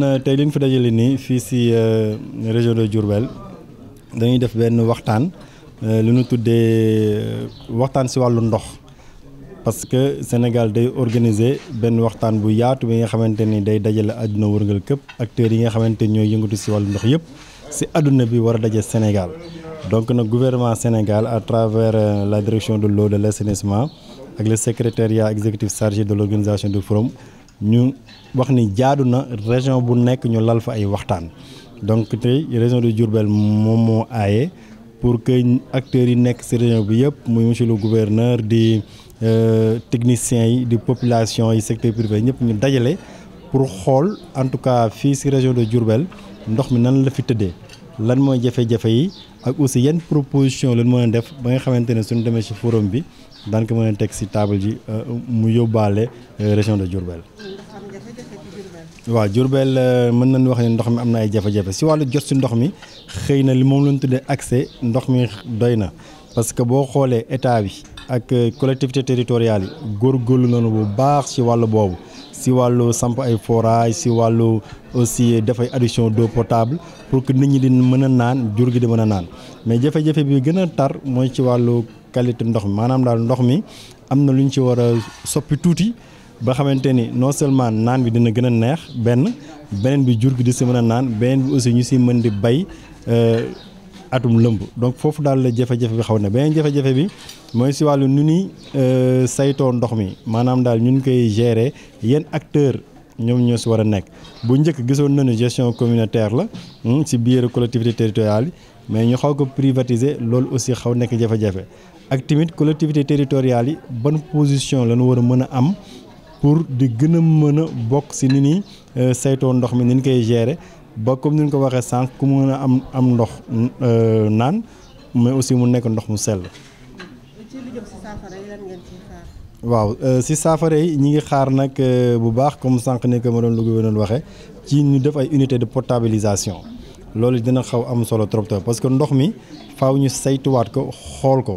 Euh, tey li ñu fi dajale nii si euh, région de Diourbel dañuy def ben waxtaan euh, lu ñu tuddé waxtaan ci walu ndox parce que Sénégal day organiser Ben waxtaan bu yaatu bi nga xamanteni day dajale aduna wërngal këpp acteurs yi nga xamanteni ñoy yëngutu si walu ndox yëpp ci aduna bi wara dajé Sénégal donc nag gouvernement Sénégal à travers la direction de l'eau de l'assainissement ak le secrétariat exécutif chargé de l'organisation du forum ñu wax ni jaadu na région bu nekk ñu lal fa ay waxtaan donc tey région de Diourbel moom moo pour que acteurs yi nekk si région bi yëpp muy monsieur le gouverneur di euh, techniciens yi di population yi secteur privé ñëpp ñu dajale pour xool en tout cas fii si région de Diourbel ndox mi nan la fi tëddee lan moy jafé jafé yi ak aussi yenn proposition lañ mën def ba nga xamante suñu démé ci forum bi daan ko mën a teg si table ji euh, mu yóbbaale euh, région de Diourbel. waaw Diourbel euh, mën nañu wax ne ndox mi am na ay jafe-jafe si wàllu jot si ndox mi xëy na li moom lañ tuddee accès ndox mi doy na parce que boo xoolee état bi ak collectivité territoriale yi góor góorgóorlu nañu bu baax si wàllu boobu si wàllu samp ay forage si wàllu aussi dafay adduction d'eau potable pour que nit ñi di mën a naan jur gi di mën a naan mais jafe-jafe bi gën a tar mooy ci wàllu. qualité ndox mi manam dal ndox mi amna luñ ci wara soppi touti ba xamanteni non seulement naan bi dina gëna neex ben benen bi jur gi di si mën a naan bi aussi ñu ci mën di bay euh atum lëmb donc fofu dal la jafé jafé bi xawna benen jafé jafé jafe bi mooy si wàllu nu euh sayto ndox mi manam dal ñun koy gérer yeen acteur ñom ñoo ci wara a bu ñëk gisoon nañu gestion communautaire la ci hmm, biir collectivité territoriale mais ñu xaw ko privatiser lool aussi xaw nekk jafé jafé ak timit collectivité territoriale yi ban position lañu war a mën a am pour di gën a mën a bokk si ni ni euh, saytoo ndox mi ni koy gérer ba comme ni ñu ko waxee sànq ku mën a am am ndox euh, naan mais aussi mu nekk ndox mu sell. waaw euh, si saafara yi ñi ngi xaar nag bu baax comme sànq ni ko ma doon lugu gouvernement waxee ci ñu def ay unité de portabilisation loolu dina xaw am solo trop trop parce que ndox mi faaw ñu saytuwaat ko xool ko.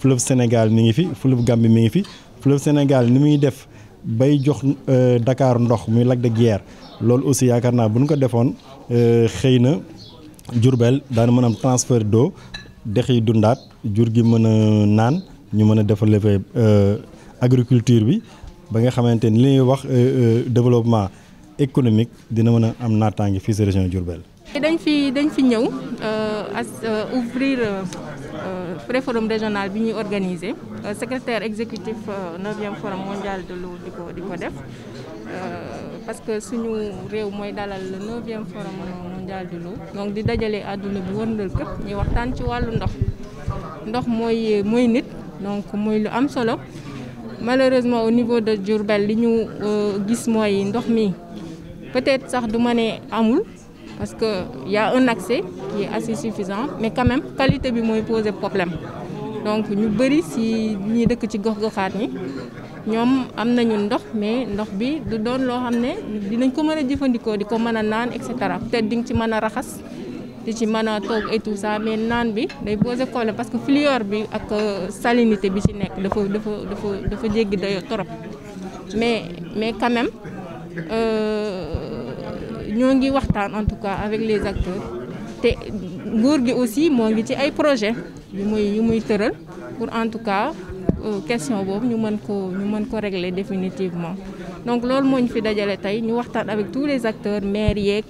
fleuve Sénégal mi ngi fi fleuve Gambie mi ngi fi fleuve Sénégal ni muy def bay jox euh, Dakar ndox muy Lac de Guiers loolu aussi yaakaar naa bu ñu ko defoon euh, xëy na Diourbel daan mën am transfert do dex yi dundaat jur gi mën a naan ñu mën a développer euh, agriculture bi ba nga xamante ni li ñuy wax développement économique dina mën a am naataange fii si région Diourbel ouvrir le forum régional bien organisé. Euh, secrétaire exécutif 9e euh, forum mondial de l'eau du euh, Parce que si nous sommes le 9e forum mondial de l'eau, donc nous avons à le Bouan de l'Ukup, nous avons dit que nous avons dit que nous avons dit que nous Malheureusement, au niveau de Djurbel, ce que nous avons dit, peut-être que nous avons dit parce qu'il y a un accès qui est assez suffisant, mais quand même, la qualité bi mooy poser problème. donc ñu bëri si ñi dëkk ci gox-goxaat ñi ñoom am ndox mais ndox bi du doon lo xam ne dinañ ko mën a diko di naan et cetera peut-être ci mën raxas di ci mën tok et tout ça mais naan bi day poser problème parce que fluor bi ak euh, salinité bi ci nek dafa dafa dafa dafa jéggi dayo trop mais mais quand même. Euh, ñongi ngi waxtaan en tout cas avec les acteurs Té, nguur gi aussi mo ngi ci ay projet yu muy yu muy teural pour en tout cas euh, question boobu ñu mën ko ñu mën ko régler définitivement donc lool moñ fi dajalé tay ñu waxtaan avec tous les acteurs yek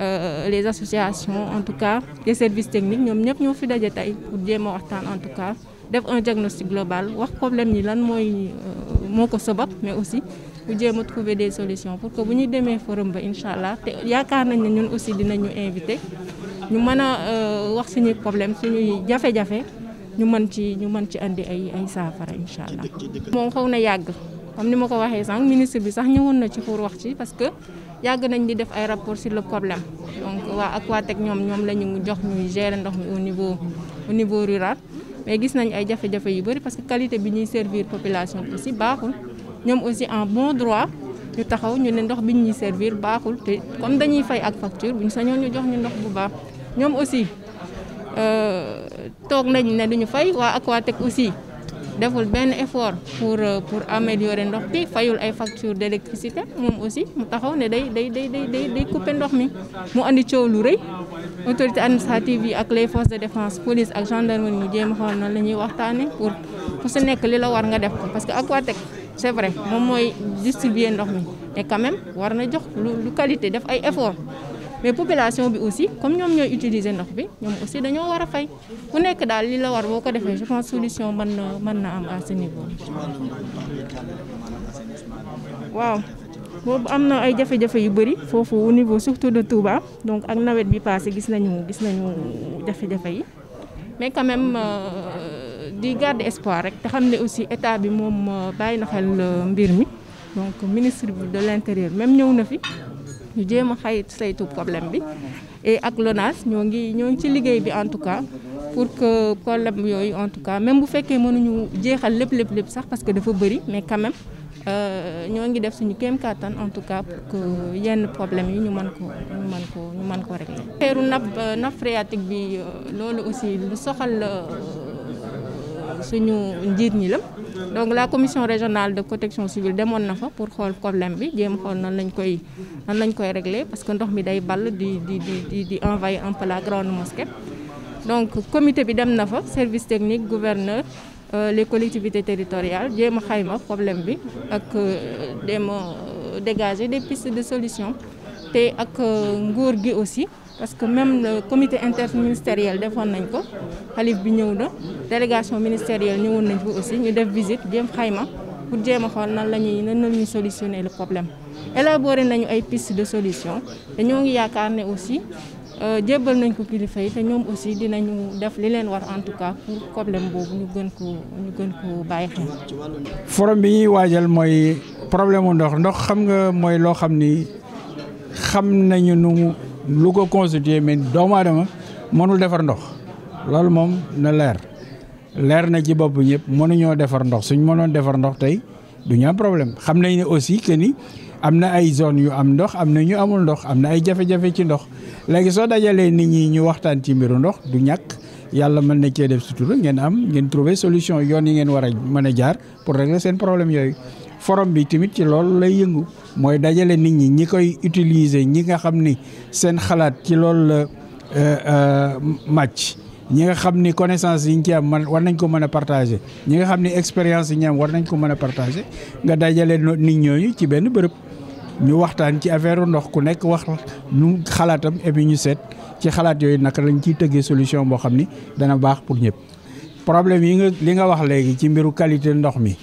Euh, les associations en tout cas les services techniques Nous, ñëpp ñoo fi daje tey pour jéem a en tout cas def un diagnostic global wax problème yi lan mooy euh, moo ko mais aussi bu jéem a trouver des solutions pour que bu ñuy demee forum ba incha allah te yaakaar nañ ne ñun aussi dinañu invité ñu mën a euh, wax suñuy problème suñuy jafe-jafe ñu mën ci ñu mën ci andi ay ay saafara incha allah. moom xaw na yàgg comme ni ma ko waxee sànq ministre bi sax ñëwoon na ci pour wax ci parce que yàgg nañ di def ay rapport sur le problème donc waa ak Aquatec ñoom ñoom la ñu jox ñuy gere ndox mi au niveau au niveau rural mais gis nañ ay jafe-jafe yu bëri parce que qualité bi ñuy servir population aussi baaxul. ñom aussi en bon droit ñu taxaw ñu né ndox bi ñi servir baaxul té comme dañuy fay ak facture bu sañoon ñu jox ñu ndox bu baax ñom aussi euh, tok nañ ne duñu fay wa Aquatec aussi deful ben effort pour euh, pour améliorer ndox bi fayul ay facture d'électricité mom aussi mu taxaw né day day day day day couper ndox mi mu andi coow lu autorité administrative ak les forces de défense police ak gendarmerie ñu jéem a xool lañuy la pour ku si nekk li la war nga def ko parce que Aquatec c' est vrai moom mooy distribuer ndox mi mais quand même war na jox lu lu qualité def ay effort mais population bi aussi comme ñom ñoy utiliser ndox bi ñom aussi dañoo wara fay ku nekk dal li la war boko defé je pense solution man na mën na am à ce niveau. waaw boobu am na ay jafe-jafe yu bëri foofu au niveau surtout de Touba donc ak nawet bi passé gis nañu gis nañu jafe-jafe yi mais quand même. Euh, di garder espoir rek te xam ne aussi état bi moom bàyyi na xel euh, mbir mi donc ministre bi de l'intérieur même ñëw na fi ñu jéem a xayit saytu problème bi et ak LONASE ñoo ngi ñoo ngi ci liggéey bi en tout cas pour que problème yooyu en tout cas même bu fekkee mënuñu jeexal lépp lépp lépp sax parce que dafa bëri mais quand même euh, ñoo ngi def suñu kéem kàttan en tout cas pour que yenn problème yi ñu mën ko ñu mën ko ñu mën ko régler. teeru nab euh, nappe phréatique bi loolu aussi lu soxal suñu njiit ñi la donc la commission régionale de protection civile demoon na fa pour xool problème bi jéem xool nan lañ koy nan lañ koy régler parce que ndox mi day ball di di di di un peu la grande mosquée donc comité bi dem na fa service technique gouverneur euh, les collectivités territoriales jéem xayma problème bi ak euh, jéem euh, dégager des pistes de solution te ak nguur gi aussi parce que même le comité interministériel defoon nañ ko xalif bi ñëw délégation ministérielle nous nañ ko aussi ñu def visite bien xayma pour dire a xool nan la nan la solutionner le problème élaboré nañu ay piste de solution te ñoo ngi aussi, ne aussi euh, jébbal nañ ko kilifa yi te ñoom aussi dinañu def li leen war en tout cas pour problème bobu ñu gën ko ñu gën ko bàyyi xel. forum bi ñi waajal moy problème ndox ndox xam nga moy lo xamni xam nañu nu lu ko constitué mais doomaadama mënul defar ndox loolu moom na leer leer na ci bopp ñëpp mënuñoo defar ndox suñ mënoon defar ndox tey du ñu am problème xam nañ ne aussi que ni am na ay zone yu am ndox am na ñu amul ndox am na ay jafe-jafe ci ndox léegi soo dajalee nit ñi ñu waxtaan ci mbiru ndox du ñàkk yàlla mën na cee def sutura ngeen am ngeen trouver solution yoon yi ngeen war a mën a jaar pour régler seen problème yooyu forum bi tamit ci loolu lay yëngu mooy dajale nit ñi ñi koy utiliser ñi nga xam ni seen xalaat ci loolu la euh, euh, màcc ñi nga xam ni connessance yi ñu ci am man war nañ ko mën a partager ñi nga xam ni expérience yi ñu am war nañ ko mën a partager nga dajale nit ñooñu ci benn bërëb ñu waxtaan ci affaire ndox ku nekk wax nu xalaatam et puis ñu seet ci xalaat yooyu naka lañ ciy tëggee solution boo xam ni dana baax pour ñëpp problème yi nga li nga wax léegi ci mbiru qualité ndox mi.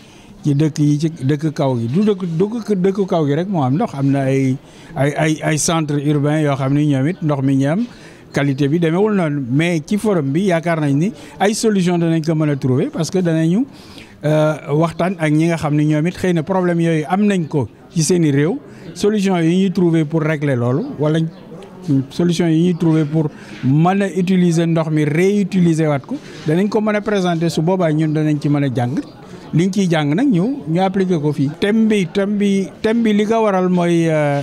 ci dëkk yi ci dëkk kaw gi du dëkk du dëkk kaw gi rek moo am ndox am na ay ay ay ay centre urbain yoo xam ni ñoom it ndox mi ñu qualité bi demeewul noonu mais ci forum bi yaakaar nañ ni ay solution danañ ko mën a trouver parce que danañu euh, waxtaan ak ñi nga xam ni ñoom it xëy na problème yooyu am nañ ko ci seen i réew solution yi ñuy trouver pour régler loolu wala solution yi ñuy trouver pour mën a utiliser ndox mi réutiliser waat ko danañ ko mën a présenter su boobaa ñun danañ ci mën a jàng liñ ciy jàng nag ñu ñu appliqué ko fii. thème bi thème bi thème bi li ko waral mooy euh,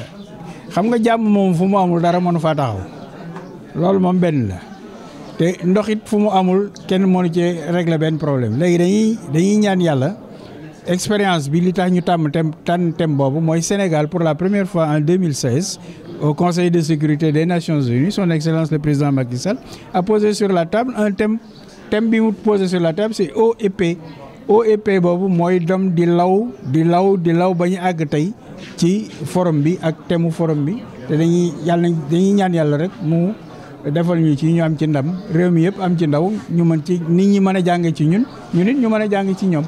xam nga jàmm moom fu mu amul dara mënu faa taxaw loolu moom benn la te ndox it fu mu amul kenn mënu ci régler benn problème léegi dañuy dañuy ñaan yàlla. expérience bi li tax ñu tàmm tem tànn thème boobu mooy Sénégal pour la première fois en 2016 au Conseil de sécurité des Nations Unies son excellence le président Macky Sall a posé sur la table un thème thème bi mu posé sur la table c'est eau et paix OEP boobu mooy dem di law di law di law ba ñu àgg tey ci forom bi ak temu forom bi te dañuy dañuy ñaan yàlla rek mu defal ñu ci ñu am ci ndam réew mi yëpp am ci ndaw ñu mën ci nit ñi mën a jàng ci ñun ñu nit ñu mën a jàng ci ñoom.